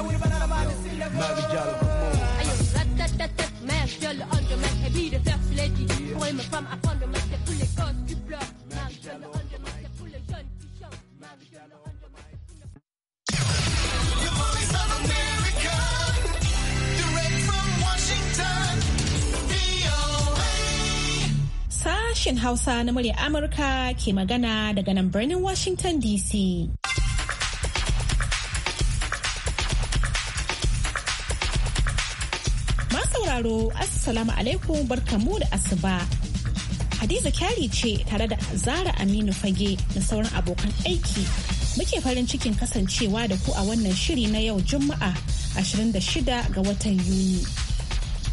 شاور بنانا مع السلة ما رجال الهموم أيوة رتتتت ماش يلا أنجا ماش هبيدة تفلتي وين ما فهم أفنجا ماش كل كوس كبلا ما رجال أنجا ماش كل جن تشوف ما رجال أنجا ماش Your voice of America, direct from Washington. sashen Hausa na murya Amurka ke magana daga nan birnin Washington DC. sauraro Assalamu alaikum barkamu da asuba. Hadiza kyari ce tare da Zara Aminu Fage na sauran abokan aiki muke farin cikin kasancewa da ku a wannan shiri na yau Juma'a 26 ga watan Yuni.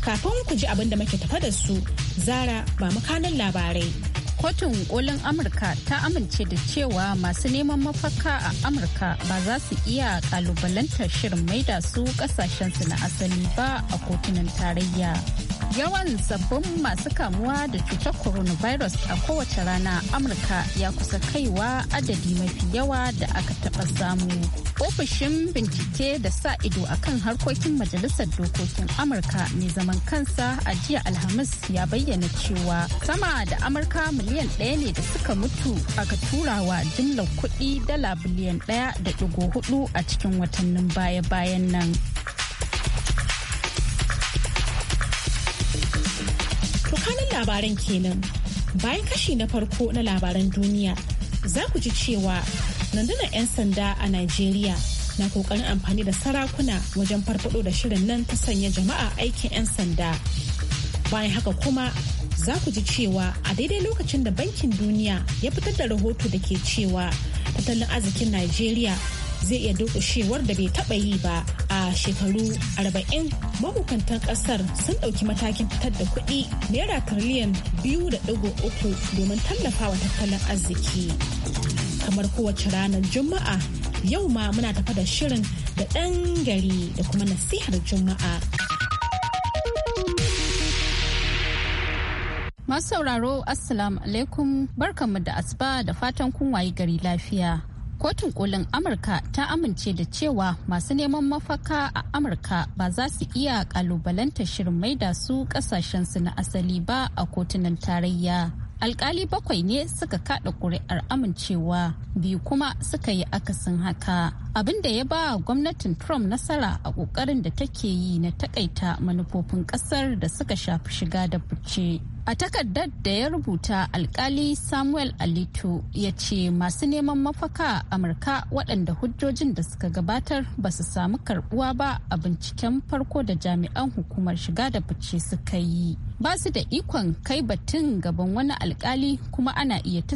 Kafin ku ji abin da muke tafa da su, Zara ba makanan labarai. kotun kolin amurka ta amince da cewa masu neman mafaka a amurka ba za su iya kalubalantar shirin maida su kasashensu na asali ba a kotunan tarayya yawan sabbin masu kamuwa da cutar coronavirus a kowace rana amurka ya kusa kaiwa adadi mafi yawa da aka taɓa samu ofishin bincike da sa ido a kan harkokin majalisar dokokin amurka mai zaman kansa a jiya alhamis ya bayyana cewa sama da amurka miliyan ɗaya ne da suka mutu aka turawa jimlar kuɗi dala biliyan ɗaya da ɗigo hudu a cikin watannin baya-bayan nan labaran kenan. Bayan kashi na farko na labaran duniya, za ku ji cewa nan 'yan sanda a Najeriya na kokarin amfani da sarakuna wajen farfado da shirin nan ta sanya jama'a aikin 'yan sanda. Bayan haka kuma za ku ji cewa a daidai lokacin da bankin duniya ya fitar da rahoto da ke cewa tattalin arzikin Najeriya zai iya durƙushewar da bai taɓa yi ba a shekaru 40 mahukuntan kasar sun ɗauki matakin fitar da kuɗi naira tiriliyan 2.3 domin tallafawa tattalin arziki kamar kowace ranar juma'a yau ma muna tafa da shirin da ɗan gari da kuma nasihar juma'a masu sauraro assalamu alaikum barkanmu da asuba da fatan kun wayi gari lafiya kotun kolin amurka ta amince da cewa masu neman mafaka a amurka ba za su iya kalubalanta shirin maida su kasashensu na asali ba a kotunan tarayya alkali bakwai ne suka kada kuri'ar amincewa biyu kuma suka yi akasin haka abin da ya ba gwamnatin trump nasara a kokarin da take yi na takaita manufofin kasar da suka shafi shiga da fice A takardar da ya rubuta alkali Samuel Alito ya ce masu neman mafaka Amurka waɗanda hujjojin da suka gabatar ba su samu karbuwa ba a binciken farko da jami'an hukumar shiga da fice suka yi. Ba su da ikon kai batun gaban wani alkali kuma ana iya ta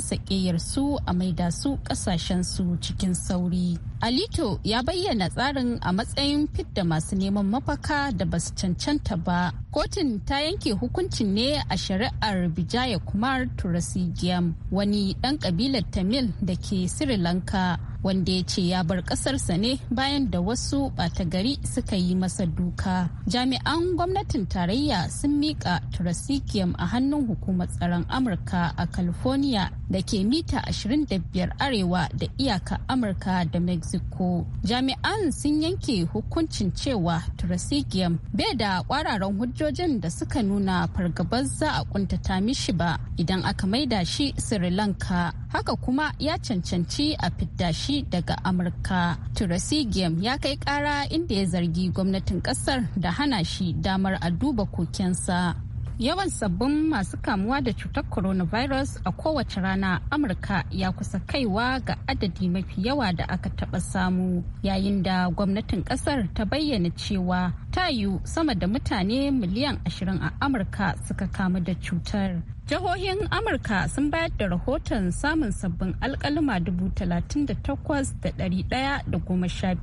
su a maida su ƙasashensu cikin sauri. alito ya bayyana tsarin a matsayin fidda masu neman mafaka da ba su cancanta ba kotun ta yanke hukuncin ne a shari'ar bijaya kumar turasigiyam wani ɗan ƙabilar tamil da ke sri lanka wanda ya ce ya bar ƙasarsa ne bayan da wasu ɓata gari suka yi masa duka. Jami'an gwamnatin tarayya sun miƙa Turasikiyam a hannun hukumar tsaron Amurka a California da ke mita 25 arewa da iyaka Amurka da Mexico. Jami'an sun yanke hukuncin cewa Turasikiyam bai da kwararan hujjojin da suka nuna fargabar za a kuntata mishi ba idan aka maida shi Sri Lanka. Haka kuma ya cancanci a fidda shi shi daga Amurka. Turasigiyam ya kai kara inda ya zargi gwamnatin kasar da hana shi damar a duba kokensa. Yawan sabbin masu kamuwa da cutar coronavirus a kowace rana Amurka ya kusa kaiwa ga adadi mafi yawa da aka taɓa samu yayin da gwamnatin ƙasar ta bayyana cewa ta yiwu sama da mutane miliyan 20 a Amurka suka kamu da cutar. jihohin amurka sun bayar da rahoton samun sabbin alkalima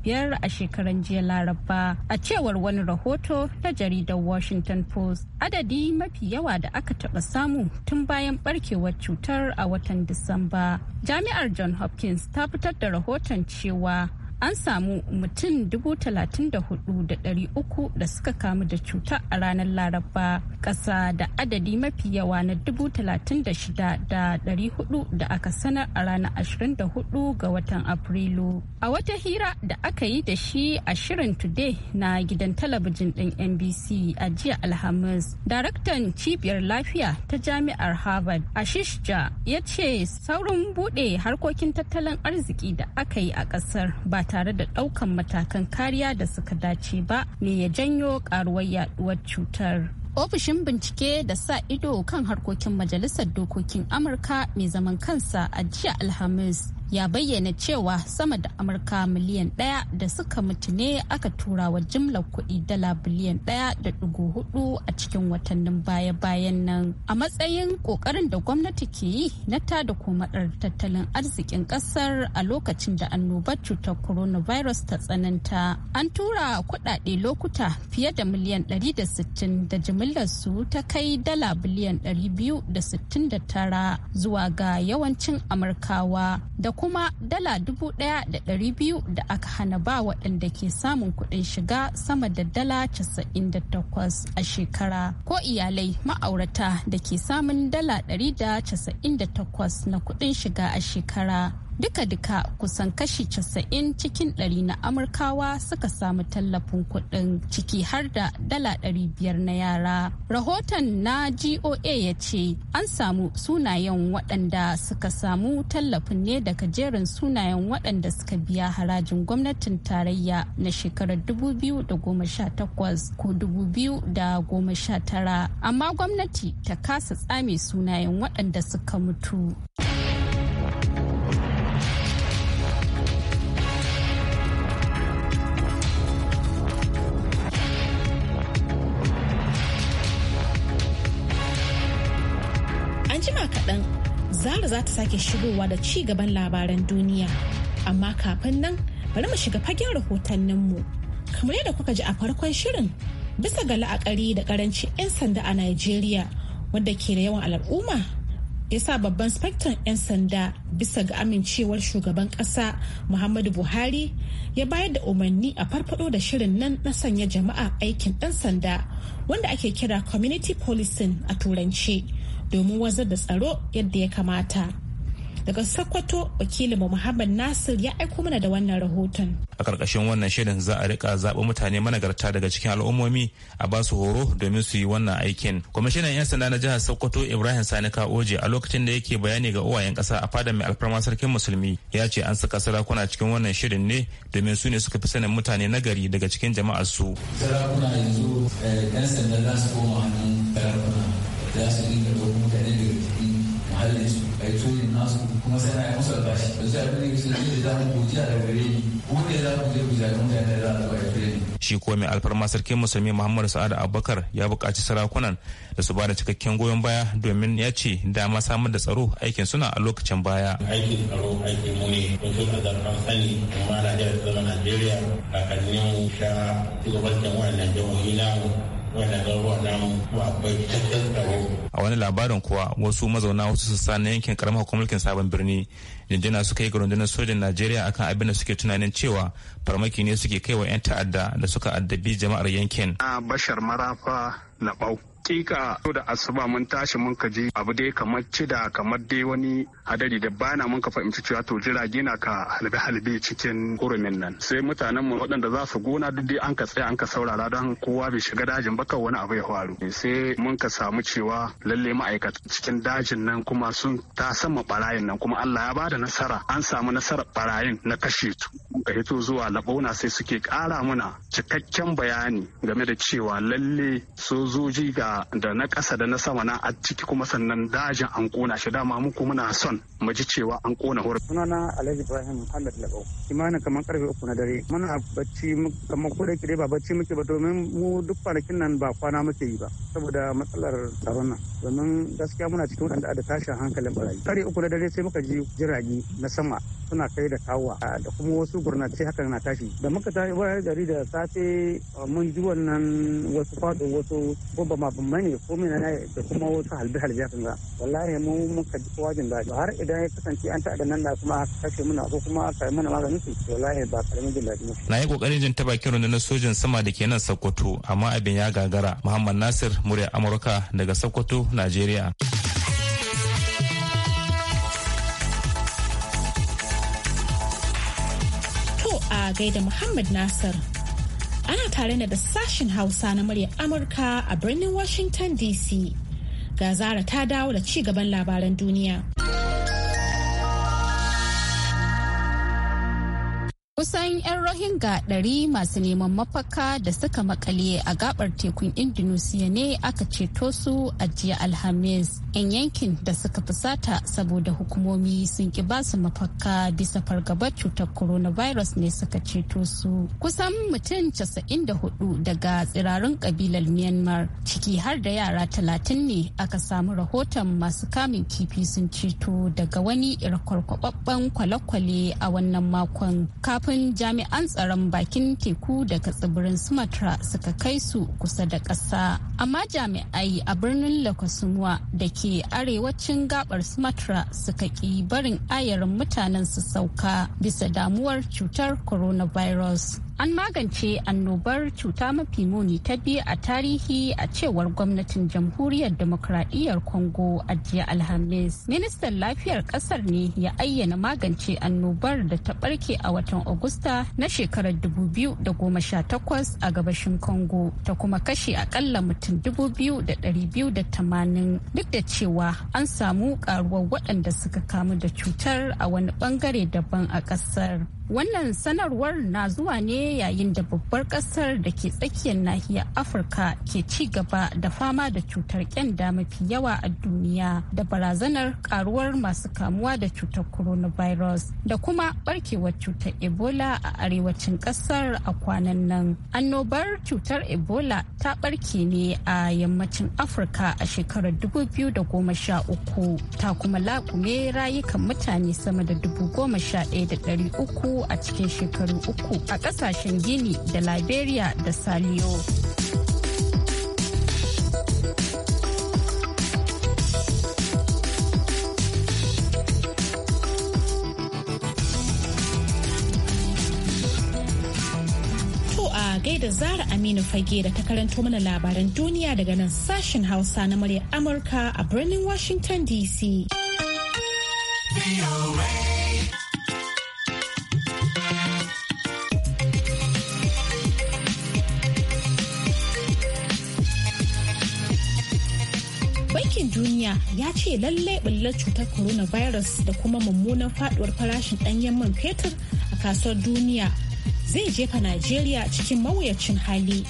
biyar a shekaran jiya laraba a cewar wani rahoto ta jaridar washington post adadi mafi yawa da aka taba samu tun bayan barkewar cutar a watan disamba jami'ar john hopkins ta fitar da rahoton cewa an samu mutum 34,300 da suka kamu da cuta a ranar laraba ƙasa da adadi mafi yawa na 36,400 da aka sanar a ranar 24 ga watan afrilu a wata hira da aka yi da shi a shirin today na gidan talabijin ɗin nbc a jiya alhamis daraktan cibiyar lafiya ta jami'ar harvard ashish ja ya ce saurin buɗe harkokin tattalin arziki da aka yi a ƙasar ba tare da ɗaukan matakan kariya da suka dace ba ne ya janyo karuwar yaduwar cutar. ofishin bincike da sa ido kan harkokin majalisar dokokin amurka mai zaman kansa a jiya alhamis ya bayyana cewa sama da amurka miliyan ɗaya da suka mutu ne aka tura wa jimlar kuɗi dala biliyan ɗaya da dugu hudu a cikin watannin baya-bayan nan a matsayin ƙoƙarin da gwamnati ke yi na ta tada komadar tattalin arzikin ƙasar a lokacin da annobar cutar coronavirus ta tsananta an tura kuɗaɗe lokuta fiye da miliyan ɗari da sittin da jimillar su ta kai dala biliyan biyu da da sittin tara zuwa ga yawancin amurkawa da kuma dala dubu daya da dari biyu da aka hana ba waɗanda ke samun kuɗin shiga sama da dala casa'in da takwas a shekara ko iyalai ma'aurata da ke samun dala dari da casa'in da takwas na kuɗin shiga a shekara duka-duka kusan kashi 90 cikin ɗari na amurkawa suka samu tallafin kuɗin ciki har da dala biyar na yara rahoton na goa ya ce an samu sunayen waɗanda suka samu tallafin ne daga jerin sunayen waɗanda suka biya harajin gwamnatin tarayya na shekarar 2018 ko 2019 amma gwamnati ta kasa tsame sunayen waɗanda suka mutu. za ta sake shigowa da ci gaban labaran duniya. Amma kafin nan bari mu shiga fagen rahotanninmu. Kamar yadda kuka ji a farkon shirin bisa ga la'akari da karanci 'yan sanda a Najeriya wadda ke da yawan al'umma ya sa babban spectrum 'yan sanda bisa ga amincewar shugaban kasa Muhammadu Buhari ya bayar da umarni a farfado da shirin nan na sanya jama'a aikin ɗan sanda wanda ake kira community policing a turanci. domin wazar da tsaro yadda ya kamata. Daga Sokoto wakilinmu Muhammad Nasir ya aiko mana da wannan rahoton. A ƙarƙashin wannan shirin za a rika zaɓi mutane managarta daga cikin al'ummomi a ba su horo domin su yi wannan aikin. Kwamishinan 'yan sanda na jihar Sokoto Ibrahim Sani Kaoje a lokacin da yake bayani ga uwayen ƙasa a fadar mai alfarma sarkin musulmi ya ce an saka sarakuna cikin wannan shirin ne domin su ne suka fi sanin mutane nagari daga cikin jama'ar su. Sarakuna yanzu eh, 'yan sanda za su koma hannun sarakuna za su masana ya musu albashi da zai abin da yake da za mu gojiya da gare ni ko da za mu je gojiya da mutane da za a zuwa gare ni. shi ko mai alfarma sarkin musulmi muhammad sa'ad abubakar ya buƙaci sarakunan da su bada cikakken goyon baya domin ya ce dama samar da tsaro aikin suna a lokacin baya. aikin tsaro aikin mu ne kun sun azarfan sani kuma na jihar zama najeriya kakanninmu sha shugabancin wannan jihohi namu A wani labarin kuwa wasu mazauna wasu sassa na yankin karamar hukumulkin sabon birni jinjina suka yi ga rundunar sojin Najeriya akan abin da suke tunanin cewa farmaki ne suke kaiwa 'yan ta'adda da suka addabi jama'ar yankin. Bashar Marafa Laɓau yau da asuba mun tashi mun kaji abu dai kamar cida kamar dai wani hadari da bana mun ka fahimci cewa to jirage na ka halbe halbe cikin kurumin nan sai mutanen mu waɗanda za su gona duk dai an ka tsaya an ka saurara don kowa bai shiga dajin ba kawai wani abu ya faru sai mun ka samu cewa lalle ma'aikata cikin dajin nan kuma sun ta sama barayin nan kuma Allah ya bada nasara an samu nasara barayin na kashe su ka hito zuwa labona sai suke kara mana cikakken bayani game da cewa lalle sojoji ga da na ƙasa da na sama na a ciki kuma sannan dajin an kona shi dama mu kuma muna son mu ji cewa an kona wurin sunana Alhaji Ibrahim Muhammad Lagau imanin kamar karfe uku na dare muna bacci kamar kuɗe da kire ba bacci muke ba domin mu duk kwanakin nan ba kwana muke yi ba saboda matsalar tsaron nan domin gaskiya muna cikin A da tashin hankalin barayi kare uku na dare sai muka ji jirage na sama suna kai da A da kuma wasu gurnace hakan na tashi da muka tashi wayar gari da safe mun ji wannan wasu faɗo wasu ko gobama kuma ne ko mina na da kuma wasu halbi halbi kan ga wallahi mu muka ji kowa jin daɗi har idan ya kasance an ta'adda nan da kuma aka kashe muna ko kuma aka yi mana maganin su wallahi ba karamin jin daɗi na yi kokarin jin tabakin rundunar na sojan sama da ke nan Sokoto amma abin ya gagara Muhammad Nasir murya Amurka daga Sokoto Najeriya To a gaida Muhammad Nasir tare da sashen Hausa na muryar Amurka a birnin Washington DC. Ga zara ta dawo da ci gaban labaran duniya. Kusan 'yan Rohingya ɗari masu neman mafaka da suka makale a gabar tekun Indonesia ne aka ceto su a jiya Alhamis. 'Yan yankin da suka fusata saboda hukumomi sun ki basu mafaka bisa fargabar cutar coronavirus ne suka ceto su. Kusan mutum 94 daga tsirarin kabilar Myanmar ciki har da yara 30 ne aka samu rahoton masu kamun kifi sun ceto daga wani kwale a wannan makon nufin jami'an tsaron bakin teku daga tsibirin sumatra suka kai su kusa da ƙasa amma jami'ai a birnin lakwasunwa da ke arewacin gabar sumatra suka ƙi barin ayarin mutanen su sauka bisa damuwar cutar coronavirus an magance annobar cuta mafi muni ta biyu a tarihi a cewar gwamnatin jamhuriyar demokradiyyar congo a jiya alhamis ministan lafiyar kasar ne ya ayyana magance annobar da ta barke a watan Agusta na shekarar 2018 a gabashin Congo ta kuma kashe akalla mutum 2,280 duk da cewa an samu karuwar waɗanda suka kamu da cutar a wani bangare daban a ƙasar. Wannan sanarwar na zuwa ne yayin da babbar ƙasar da ke tsakiyar nahiyar Afirka ke ci gaba da fama da cutar kyanda mafi yawa a duniya da barazanar karuwar masu kamuwa da cutar coronavirus da kuma barkewar cutar Ebola. Ebola a arewacin kasar a kwanan nan. Annobar cutar Ebola ta barke ne a yammacin Afirka a shekarar 2013 ta kuma laƙume rayukan mutane sama da 11,300 a cikin shekaru uku a ƙasashen Gini da Liberia da Saliyo. a gaida Zara Aminu Fage da ta karanto mana labaran duniya daga nan sashen Hausa na murya Amurka a birnin Washington DC. Bankin Duniya ya ce lalle bullar cutar coronavirus da kuma mummunan faduwar farashin danyen man fetur a kasuwar duniya zai jefa Najeriya cikin mawuyacin hali.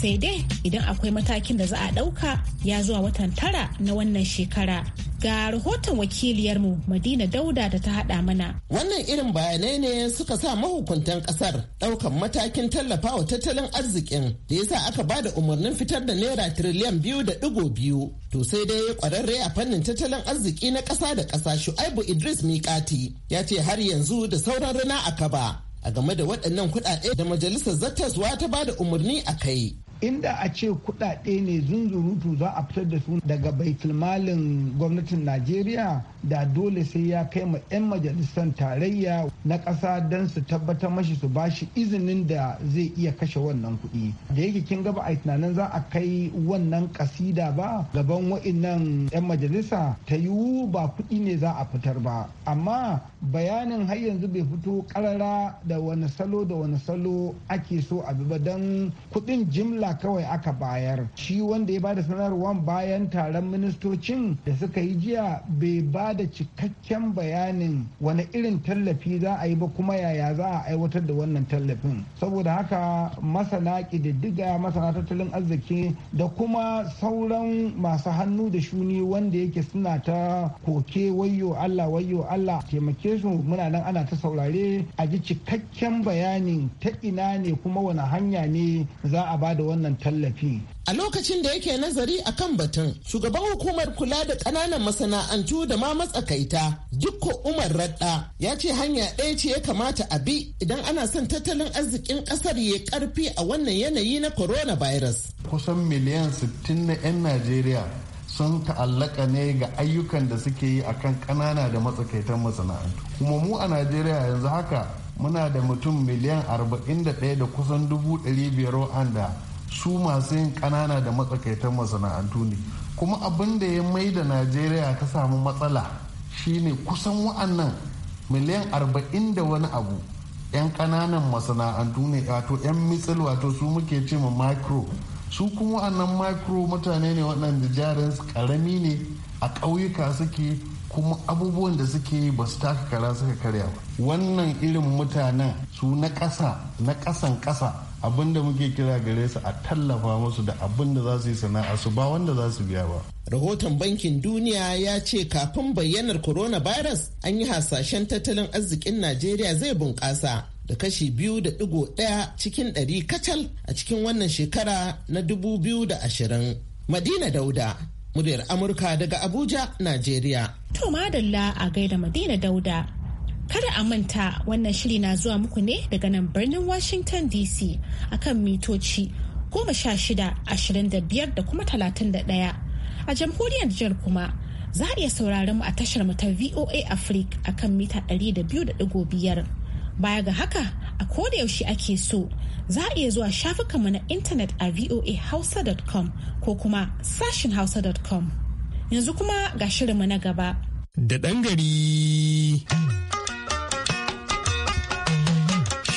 Sai dai idan akwai matakin da za a ɗauka ya zuwa watan tara na wannan shekara. Ga rahoton wakiliyarmu Madina Dauda da ta haɗa mana. Wannan irin bayanai ne suka sa mahukuntan ƙasar ɗaukan matakin tallafa wa tattalin arzikin da yasa aka ba da umarnin fitar da naira tiriliyan biyu da ɗigo biyu. To sai dai ƙwararre a fannin tattalin arziki na ƙasa da ƙasa Shu'aibu Idris Mikati ya ce har yanzu da sauran rana a kaba. a game da waɗannan kuɗaɗe da majalisar zattaswa ta bada umarni a kai. Inda a ce kuɗaɗe ne zunzurutu za a fitar da su daga baitulmalin gwamnatin Najeriya da dole sai ya kai ma 'yan majalisar tarayya na ƙasa don su tabbatar mashi su ba shi izinin da zai iya kashe wannan kuɗi da yake kin gaba a tunanin za a kai wannan kasida ba gaban wa'innan 'yan majalisa ta yiwu ba kuɗi ne za a fitar ba amma bayanin har yanzu bai fito ƙarara da wani salo da wani salo ake so a ba don kuɗin jimla kawai aka bayar shi wanda ya bada sanarwar bayan taron ministocin da suka yi jiya bai ba ba da cikakken bayanin wani irin tallafi za a yi ba kuma yaya za a aiwatar da wannan tallafin saboda haka masana ƙididdiga masana tattalin arziki da kuma sauran masu hannu da shuni wanda yake suna ta koke wayo allah wayo allah taimake su muna nan ana ta saurare a ji cikakken bayanin ta ina ne kuma wani hanya ne za a ba da wannan tallafi a lokacin da yake nazari a kan batun shugaban hukumar kula da ƙananan masana'antu da ma matsakaita dukko umar radda ya ce hanya ɗaya ce ya kamata a bi idan ana son tattalin arzikin ƙasar ya ƙarfi a wannan yanayi na coronavirus kusan miliyan 60 na 'yan najeriya sun ta'allaka ne ga ayyukan da suke yi akan ƙanana da matsakaitan masana'antu kuma mu a najeriya yanzu haka muna da mutum miliyan 41 da kusan 500 wanda su masu yin kanana da matsakaitan masana'antu ne kuma abin da ya mai da najeriya ta samu matsala shine kusan wa'annan miliyan arba'in da wani abu 'yan kananan masana'antu ne wato 'yan mitsil wato su muke ce ma micro su kuma wa'annan micro mutane ne waɗanda jarin karami ne a ƙauyuka suke kuma abubuwan da suke yi ba su taka kara suka karya ba wannan irin mutanen su na ƙasa na ƙasan ƙasa abin da muke kira gare su a tallafa musu da abin da za su yi sana'a su ba wanda za su biya ba. Rahoton Bankin Duniya ya ce kafin bayyanar coronavirus an yi hasashen tattalin arzikin Najeriya zai bunƙasa da kashi biyu da digo ɗaya cikin ɗari kacal a cikin wannan shekara na dubu biyu da ashirin. Madina Dauda, muryar Amurka daga Abuja, Najeriya. To madalla a gaida Madina Dauda. Kada a manta wannan shiri na zuwa muku ne daga nan birnin Washington DC akan mitoci goma sha shida ashirin da biyar da kuma talatin da ɗaya. A jamhuriyar jihar kuma za a iya sauraron mu a tashar mu ta VOA Africa akan mita ɗari da biyu da Baya ga haka a koda yaushe ake so za a iya zuwa shafukanmu na intanet a voahausa.com ko kuma sashin hausa.com. Yanzu kuma ga shirinmu na gaba. Da ɗan gari.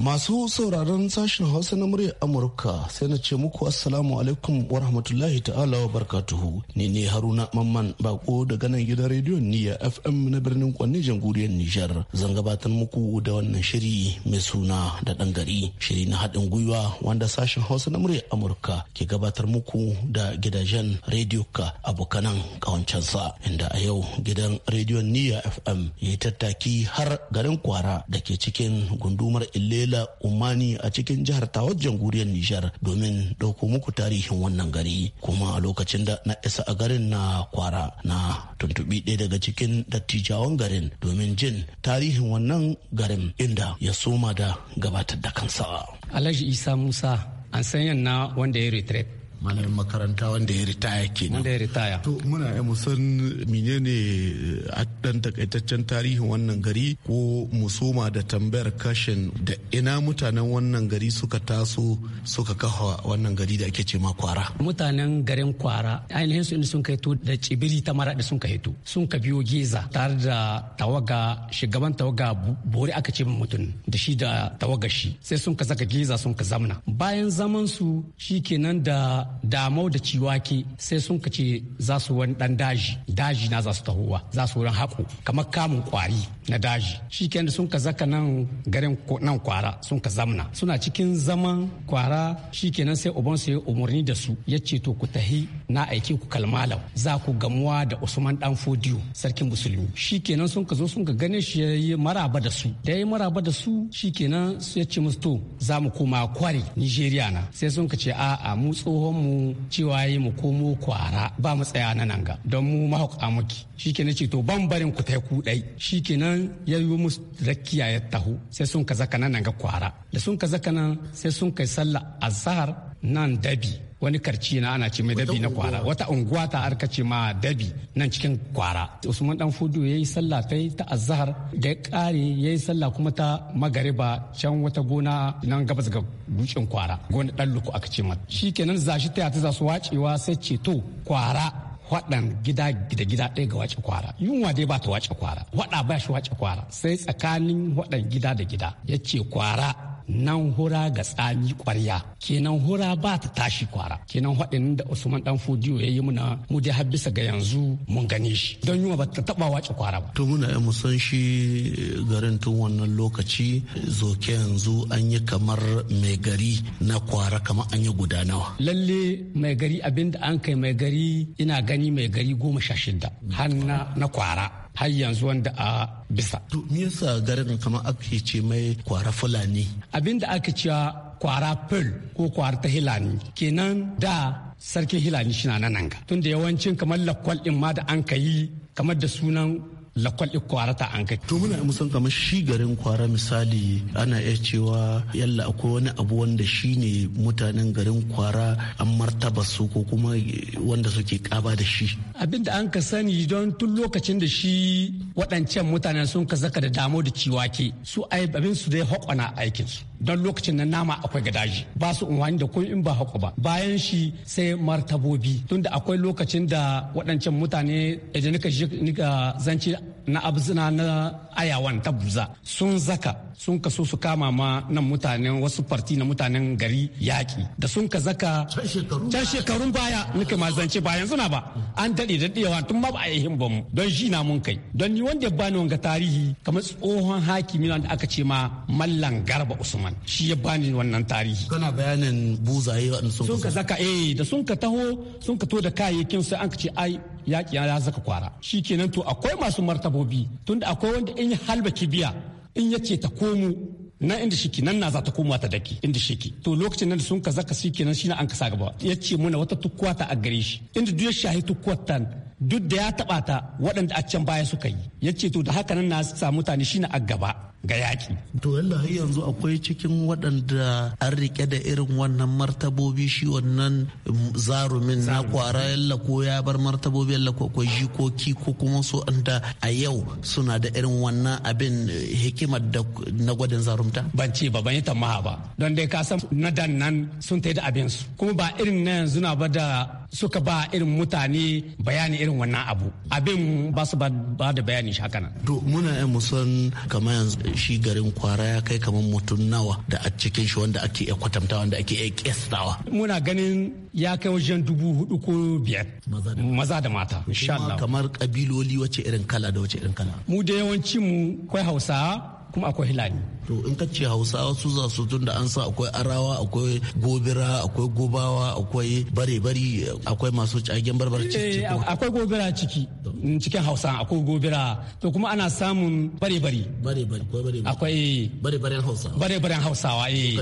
Masu sauraron sashen Hausa na muryar Amurka sai na ce muku Assalamu alaikum wa rahmatullahi ta'ala wa barkatuhu. Ni ne Haruna Mamman bako daga nan gidan rediyon Niyya FM na birnin Kwanne jamhuriyar Nijar. Zan gabatar muku da wannan shiri mai suna da ɗan gari. Shiri na haɗin gwiwa wanda sashen Hausa na muryar Amurka ke gabatar muku da gidajen rediyo ka abokanan sa. inda a yau gidan rediyon Niyya FM ya yi tattaki har garin Kwara da ke cikin gundumar ille. Laila Umani a cikin jihar Tawad jamhuriyar Nijar domin ɗauko muku tarihin wannan gari kuma a lokacin da na isa a garin na kwara na tuntubi ɗaya daga cikin dattijawan garin domin jin tarihin wannan garin inda ya soma da gabatar da kansa. Alhaji Isa Musa an san na wanda ya retreat malamin makaranta wanda ya ritaya kenan wanda ya ritaya to muna ya musan menene eh, a dan takaitaccen tarihin wannan gari ko musoma da tambayar kashin da ina mutanen wannan gari suka taso suka kafa wannan gari da ake ce ma kwara mutanen garin kwara ainihin su sun kai to da cibiri ta mara da sun kai to sun ka biyo geza tare da tawaga shugaban tawaga bori aka ce mutum da shi da tawaga shi sai sun ka saka geza sun ka zamna bayan zaman su shikenan da damau da ciwake sai sun kace za su wani dan daji daji na za su tahowa za su wurin haƙo kamar kamun kwari na daji shi da sun ka zaka nan garin nan kwara sun ka zamna suna cikin zaman kwara shi kenan sai uban su ya umarni da su ya ce to ku tahi na aiki ku kalmalau za ku gamuwa da usman dan fodiyo sarkin musulmi shi kenan sun ka zo sun ka gane shi ya yi maraba da su da ya yi maraba da su shi kenan su ya ce musu to za mu koma kwari nigeria na sai sun ka ce a mu tsohon mu cewa yi mu komo kwara ba mu tsaya na nan ga don mu mahauka muke shi kenan ce to ban barin ku tai ku dai shi kenan nan ya yi musu rakiya ya taho sai sun ka zaka nan ga kwara da sun ka zaka nan sai sun kai sallah azhar nan dabi wani karci na ana ce mai dabi na kwara wata unguwa ta arka ce ma dabi nan cikin kwara usman dan fudu yayi sallah ta ta azhar da kare yayi sallah kuma ta magariba can wata gona nan gabas ga gucin kwara gona dan aka ce mata shikenan zashi ta ta zasu wacewa sai ce to kwara faɗan gida gida gida ɗaya ga wace kwara yunwa dai ba ta wace kwara waɗa ba shi wace kwara sai tsakanin waɗan gida da gida ya ce kwara nan hura ga tsami kwarya kenan hura ba ta tashi kwara kenan haɗin da usman dan fudiyo ya yi muna mu dai har bisa ga yanzu mun gane shi don yiwa ba ta taba wace kwara ba to muna mu san shi eh, garin tun wannan lokaci zoke yanzu an yi kamar mai gari na kwara kamar an yi guda lalle mai gari abinda an kai mai gari ina gani mai gari goma sha shida har na kwara har yanzu wanda a bisa. To me yasa garin kamar ake ce mai kwara fulani? Abin da aka cewa kwara pearl ko kwara ta hilani kenan da sarkin hilani shi na nan ga. Tunda yawancin kamar lakwal ɗin ma da an ka yi kamar da sunan lakwal kwarata an kai. To muna musan kamar shi garin kwara misali ana iya cewa yalla akwai wani abu wanda shi ne mutanen garin kwara an martaba su ko kuma wanda suke kaba da shi. Abin da an ka sani don tun lokacin da shi waɗancan mutanen sun ka zaka da damo da ciwake su abin su dai aikin aikinsu. don lokacin na nama akwai gadaji ba su unwani da kun in ba hako ba bayan shi sai martabobi tunda akwai lokacin da waɗancan mutane da nika zance na abzina na ayawan tabuza sun zaka sun kaso su kama ma nan mutanen wasu farti na mutanen gari yaƙi da sun ka zaka can shekarun baya nika ma zance ba yanzu na ba an daɗe da ɗiyawa tun ma ba a yi mu don shi na mun kai don ni wanda ya bani wanga tarihi kamar tsohon hakimi wanda aka ce ma mallan garba usman Usman shi ya bani wannan tarihi kana bayanin buzaye waɗanda sun ka zaka eh da sun ka taho sun ka to da kayayyakin sai an ka ce ai yaƙi ya zaka kwara shi kenan to akwai masu martabobi tunda akwai wanda in ya halba kibiya in ya ce ta komo na inda shiki nan na za ta koma ta daki inda shiki to lokacin nan da sun ka ka shike nan shine an kasa gaba ya ce muna wata tukkuwa ta a gare shi inda duk ya shahi tukkuwatan duk da ya taba ta waɗanda a can baya suka yi ya ce to da haka nan na sa mutane shine a gaba ga yaƙi. To yalla har yanzu akwai cikin waɗanda an rike da irin wannan martabobi shi wannan zarumin na kwara yalla ko ya bar martabobi yalla ko akwai jikoki ko kuma su anda a yau suna da irin wannan abin eh, hikimar da na gwadin zarumta. Ban ce ba ban yi tamaha ba don dai ka san na dan nan sun ta da abin su kuma ba irin na yanzu na ba da suka ba irin mutane bayani irin wannan abu abin ba su ba da bayani shi hakanan. To muna yan musan kamar yanzu shi garin kwara ya kai kamar mutum nawa da a cikin shi wanda ake iya kwatanta wanda ake iya kestawa muna ganin ya kai wajen dubu hudu ko biyar maza da mata kamar kabiloli wace irin kala da wace irin kala mu da yawanci mu kwai hausa kuma akwai hilani to in ka ce hausawa su za su tun da an sa akwai arawa akwai gobira akwai gobawa akwai bare-bari akwai masu cagen barbar ciki eh, akwai gobira ciki mm, cikin hausa akwai gobira to kuma ana samun bare-bari akwai bare-baren hausawa bare-baren hausawa eh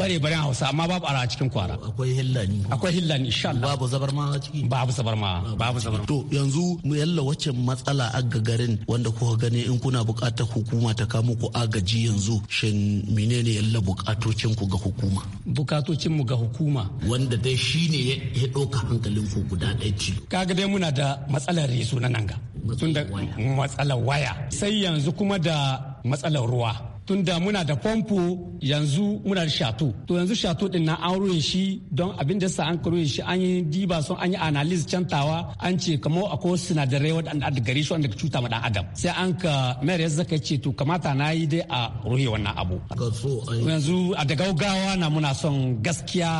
bare-baren hausa amma babu ara cikin kwara akwai hillani akwai hillani insha Allah babu zabar ma ciki babu zabar ma babu zabar to yanzu mu yalla wacce matsala a garin wanda kuka gani in kuna bukatar hukuma ta kamo ku agaji yanzu yanzu shin menene yalla bukatocin ku ga hukuma bukatocin mu ga hukuma wanda dai shine ya doka hankalin ku guda ɗaya ci kaga dai muna da matsalar reso na nan ga matsalar waya sai yanzu kuma da matsalar ruwa tunda muna da famfo yanzu muna da shato to yanzu shato din na an ruye shi don abin da sa an ruwe shi an yi diba sun an yi analysis cantawa an ce kamar akwai sinadarai waɗanda da gare shi wanda ka cuta ma adam sai an ka mayar yanzu zaka ce to kamata na yi dai a ruhe wannan abu yanzu a daga gawa na muna son gaskiya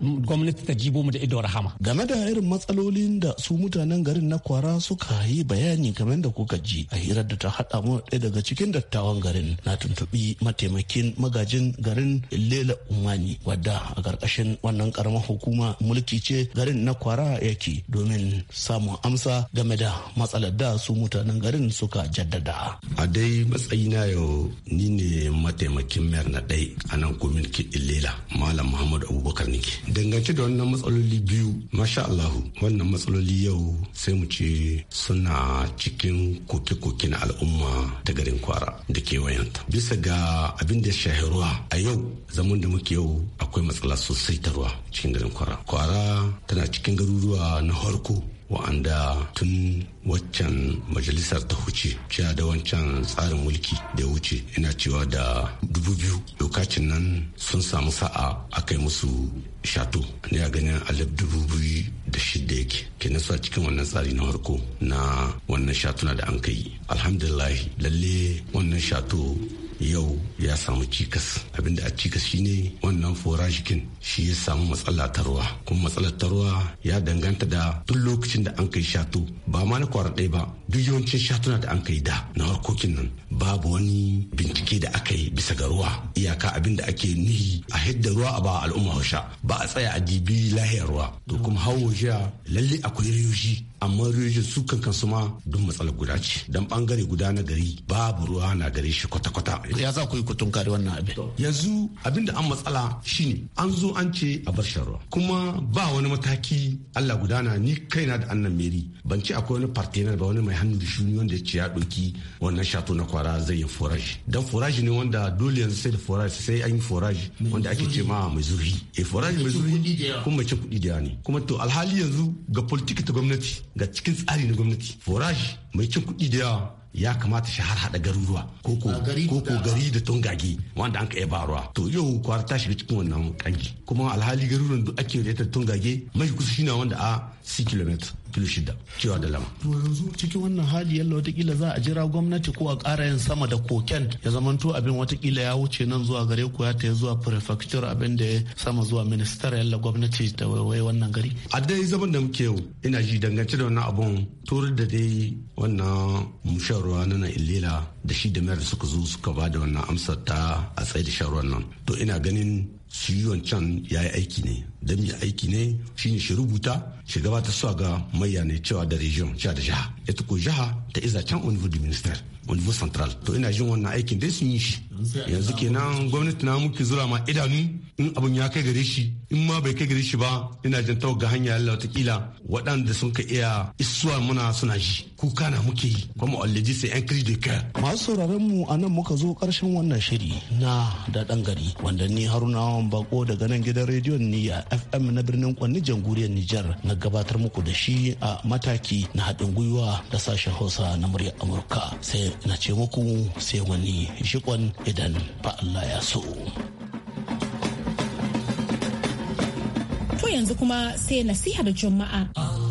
gwamnati ta jibo mu da ido rahama. Game da irin matsalolin da su mutanen garin na kwara suka yi bayani kamar da kuka ji a hirar da ta haɗa mu ɗaya daga cikin dattawan garin na tuntuɓi mataimakin magajin garin Lela Umani wadda a ƙarƙashin wannan ƙaramar hukuma mulki ce garin na kwara yake domin samun amsa game da matsalar da su mutanen garin suka jaddada. A dai matsayina yau ni ne mataimakin mayar na ɗai a nan kumin Lela Malam Muhammadu Abubakar nike. dangance da wannan matsaloli biyu masha Allahu wannan matsaloli yau sai mu ce suna cikin koke-koke na al'umma ta garin kwara da kewayenta bisa ga abin da shahi a yau zaman da muke yau akwai matsala sosai ta ruwa cikin garin kwara kwara tana cikin garuruwa na harko wa'anda tun waccan majalisar ta huce cewa da wancan tsarin mulki da ya wuce ina cewa da dubu biyu lokacin nan sun samu sa'a a kai musu shato ne a ganin alif dubu biyu da shida yake ke nasa cikin wannan tsari na harko na wannan shatuna da an kai alhamdulillah lalle wannan shato yau ya samu cikas abinda a cikas shine wannan forajikin shi ya samu matsala ta ruwa kuma matsalar ta ruwa ya danganta da duk lokacin da an kai shato ba ma na kwara ɗaya ba duk yawancin shatuna da an kai da na harkokin nan babu wani bincike da aka yi bisa ga ruwa iyaka abinda ake nihi a hidda ruwa a ba al'umma hausha ba a tsaya a dibi lahiyar ruwa to kuma hawo lalle akwai riyoshi amma rijiyoyin su kan kan ma duk matsala guda ce dan bangare guda na gari babu ruwa na gare shi kwata-kwata ya za ku yi kutun kare wannan abin yanzu abin da an matsala shine an zo an ce a bar ruwa kuma ba wani mataki Allah gudana ni kaina da annan meri ban ce akwai wani partner ba wani mai hannu da shuni wanda ya ce ya ɗauki wannan shato na kwara zai yi forage dan forage ne wanda dole yanzu sai da forage sai an yi forage wanda ake ce ma mai zurfi e forage mai zurfi kuma ce kuɗi da ne kuma to alhali yanzu ga politika ta gwamnati ga cikin tsari na gwamnati forage mai cin kuɗi da yawa ya kamata shi har hada garuruwa koko gari da tungage wanda an ka iya baruwa to yau kwara ta shiga cikin wannan kanji kuma alhali garuruwan duk ake da tungage mai kusa na wanda a 6 km kilo shida cewa da lama. To yanzu cikin wannan hali yalla watakila za a jira gwamnati ko a ƙara yin sama da koken ya zamanto abin watakila ya wuce nan zuwa gare ku ya ta zuwa prefecture abin da ya sama zuwa minister yalla gwamnati da waiwai wannan gari. A dai zaman da muke yau ina ji dangance da wannan abun turar da dai wannan musharwa ruwa na illila da shi da mayar da suka zo suka ba da wannan amsar ta a tsaye da shan ruwan nan. To ina ganin shi can ya yi aiki ne don ya aiki ne shine shi rubuta shi gabata su ga mayya ne cewa da region cewa da jiha et ko jiha ta iza can au niveau du ministère au niveau central to ina jin wannan aikin dai sun yi shi yanzu kenan gwamnati na muke zura ma idanu in abun ya kai gare shi in ma bai kai gare shi ba ina jin ta ga hanya Allah watakila waɗanda sun ka iya isuwa muna suna ji kuka na muke yi kuma already sai an kiri da ka masu sauraron mu a nan muka zo karshen wannan shiri na da dan gari wanda ni Haruna Bako daga nan gidan rediyon ni a FM na birnin Kwanni jamhuriyar Nijar na gabatar muku da shi a mataki na haɗin gwiwa da sashen Hausa na muryar Amurka sai na ce muku sai wani jikon idan fa Allah ya so. To yanzu kuma sai nasiha da Juma'a.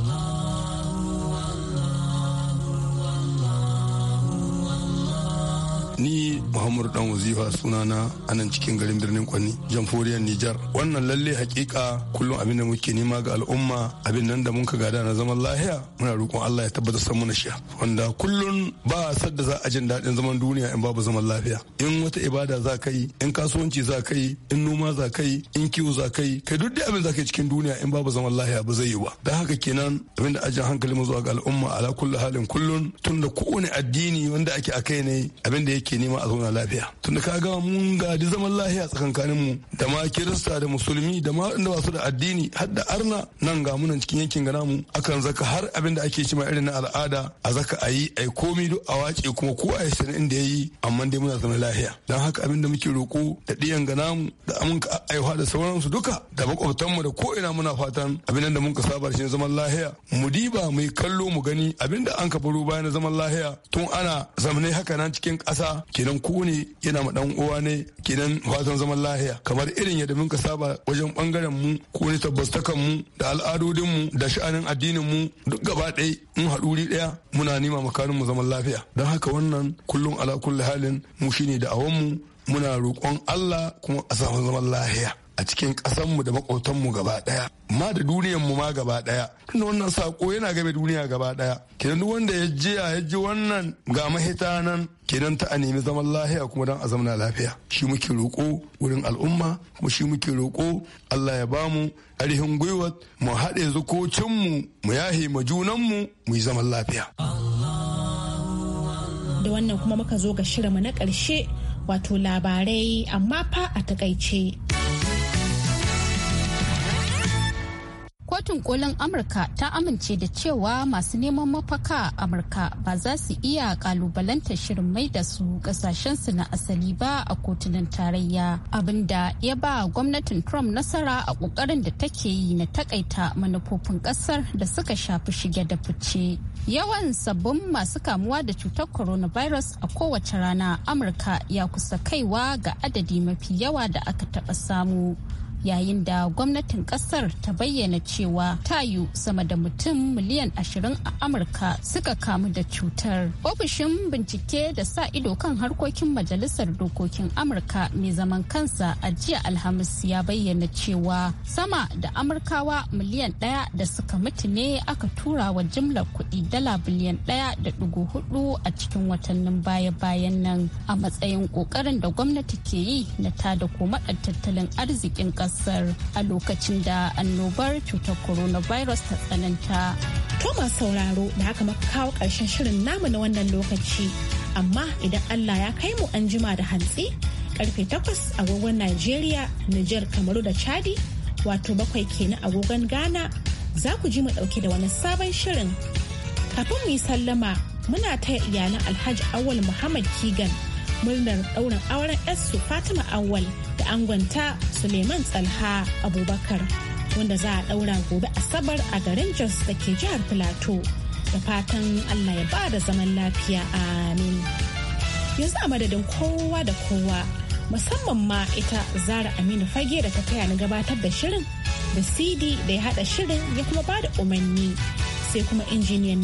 ni muhammadu dan wazifa sunana nan cikin garin birnin kwanni jamhuriyar nijar wannan lalle hakika kullum abin da muke nema ga al'umma abin nan da mun ka gada na zaman lahiya muna roƙon allah ya tabbatar san muna shi wanda kullum ba sadda za a jin daɗin zaman duniya in babu zaman lafiya in wata ibada za ka in kasuwanci za ka in noma za ka in kiwo za ka kai duk da abin za ka yi cikin duniya in babu zaman lahiya ba zai yi ba da haka kenan abin da ajin hankali mu zuwa ga al'umma ala kullu halin kullum tun da kowane addini wanda ake a kai ne abin da yake ke nema a zauna lafiya tunda ka ga mun gadi zaman lahiya tsakankanin mu da ma kirista da musulmi da ma wanda ba su da addini har da arna nan ga munan cikin yankin gana mu akan zaka har abin da ake cima irin na al'ada a zaka ayi ai komi duk a wace kuma ko a yasan inda yi amma dai muna zaman lahiya dan haka abin da muke roko da diyan gana mu da amunka aiwa da sauransu duka da makwabtan mu da ko ina muna fatan abin da muka saba shi zaman lahiya mu diba mu kallo mu gani abin da an ka baro bayan zaman lahiya tun ana zamanai haka nan cikin ƙasa kidan kenan ku ne yana ma dan uwa ne kenan fatan zaman lahiya kamar irin yadda mun ka saba wajen bangaren mu ko ne tabbastakan mu da al'adodin mu da sha'anin addinin mu duk gaba ɗaya mun haɗuri ɗaya muna nima makarin mu zaman lafiya don haka wannan kullum ala kulli halin mu shine da awon mu muna roƙon Allah kuma a samu zaman lahiya a cikin ƙasanmu da maƙotanmu gaba ɗaya ma da duniyanmu ma gaba ɗaya tunda wannan sako yana game duniya gaba ɗaya kenan duk wanda ya je ya ji wannan ga mahita nan kenan ta a nemi zaman lahiya kuma don a zamana lafiya shi muke roƙo wurin al'umma kuma shi muke roƙo Allah ya bamu arihin gwiwa mu haɗe zukocinmu mu yahe ma junanmu mu yi zaman lafiya. Da wannan kuma muka zo ga shirinmu na ƙarshe wato labarai amma fa a takaice. Kotun kolin Amurka ta amince da cewa masu neman mafaka a Amurka ba za su iya kalubalantar shirin mai da su kasashensu na asali ba a kotunan tarayya abinda ya ba gwamnatin Trump nasara a kokarin da take yi na takaita manufofin kasar da suka shafi shige da fice. Yawan sabbin masu kamuwa da cutar coronavirus a kowace rana Amurka ya kusa kaiwa ga adadi mafi yawa da aka taɓa samu. yayin da gwamnatin kasar ta bayyana cewa tayu sama da mutum miliyan ashirin a amurka suka kamu da cutar ofishin bincike da sa ido kan harkokin majalisar dokokin amurka mai zaman kansa a jiya alhamis ya bayyana cewa sama da amurkawa miliyan ɗaya da suka mutu ne aka tura wa jimlar kuɗi dala biliyan ɗaya da ɗigo hudu a cikin watannin baya-bayan nan a matsayin ƙoƙarin da gwamnati ke yi na tada komaɗar tattalin arzikin ƙasa kasar a lokacin da annobar cutar coronavirus ta tsananta. Thomas sauraro da haka maka kawo ƙarshen shirin namu na wannan lokaci amma idan Allah ya kai mu an jima da hantsi karfe 8 agogon Najeriya, Nijar, Kamaru da Chadi wato bakwai kenan agogon Ghana za ku ji mu ɗauke da wani sabon shirin. Kafin mu yi sallama muna taya iyalan Alhaji Awal Muhammad Kigan murnar ɗaurin auren yarsu Fatima Awal da angonta Suleiman Tsalha Abubakar wanda za a daura gobe Asabar a garin Jos da ke jihar Filato. Da fatan Allah ya ba da zaman lafiya amin. Yanzu a madadin kowa da kowa musamman ma ita Zara Aminu Fage da ta kaya ni gabatar da shirin da CD da ya haɗa shirin ya kuma ba da umarni sai kuma injiniyan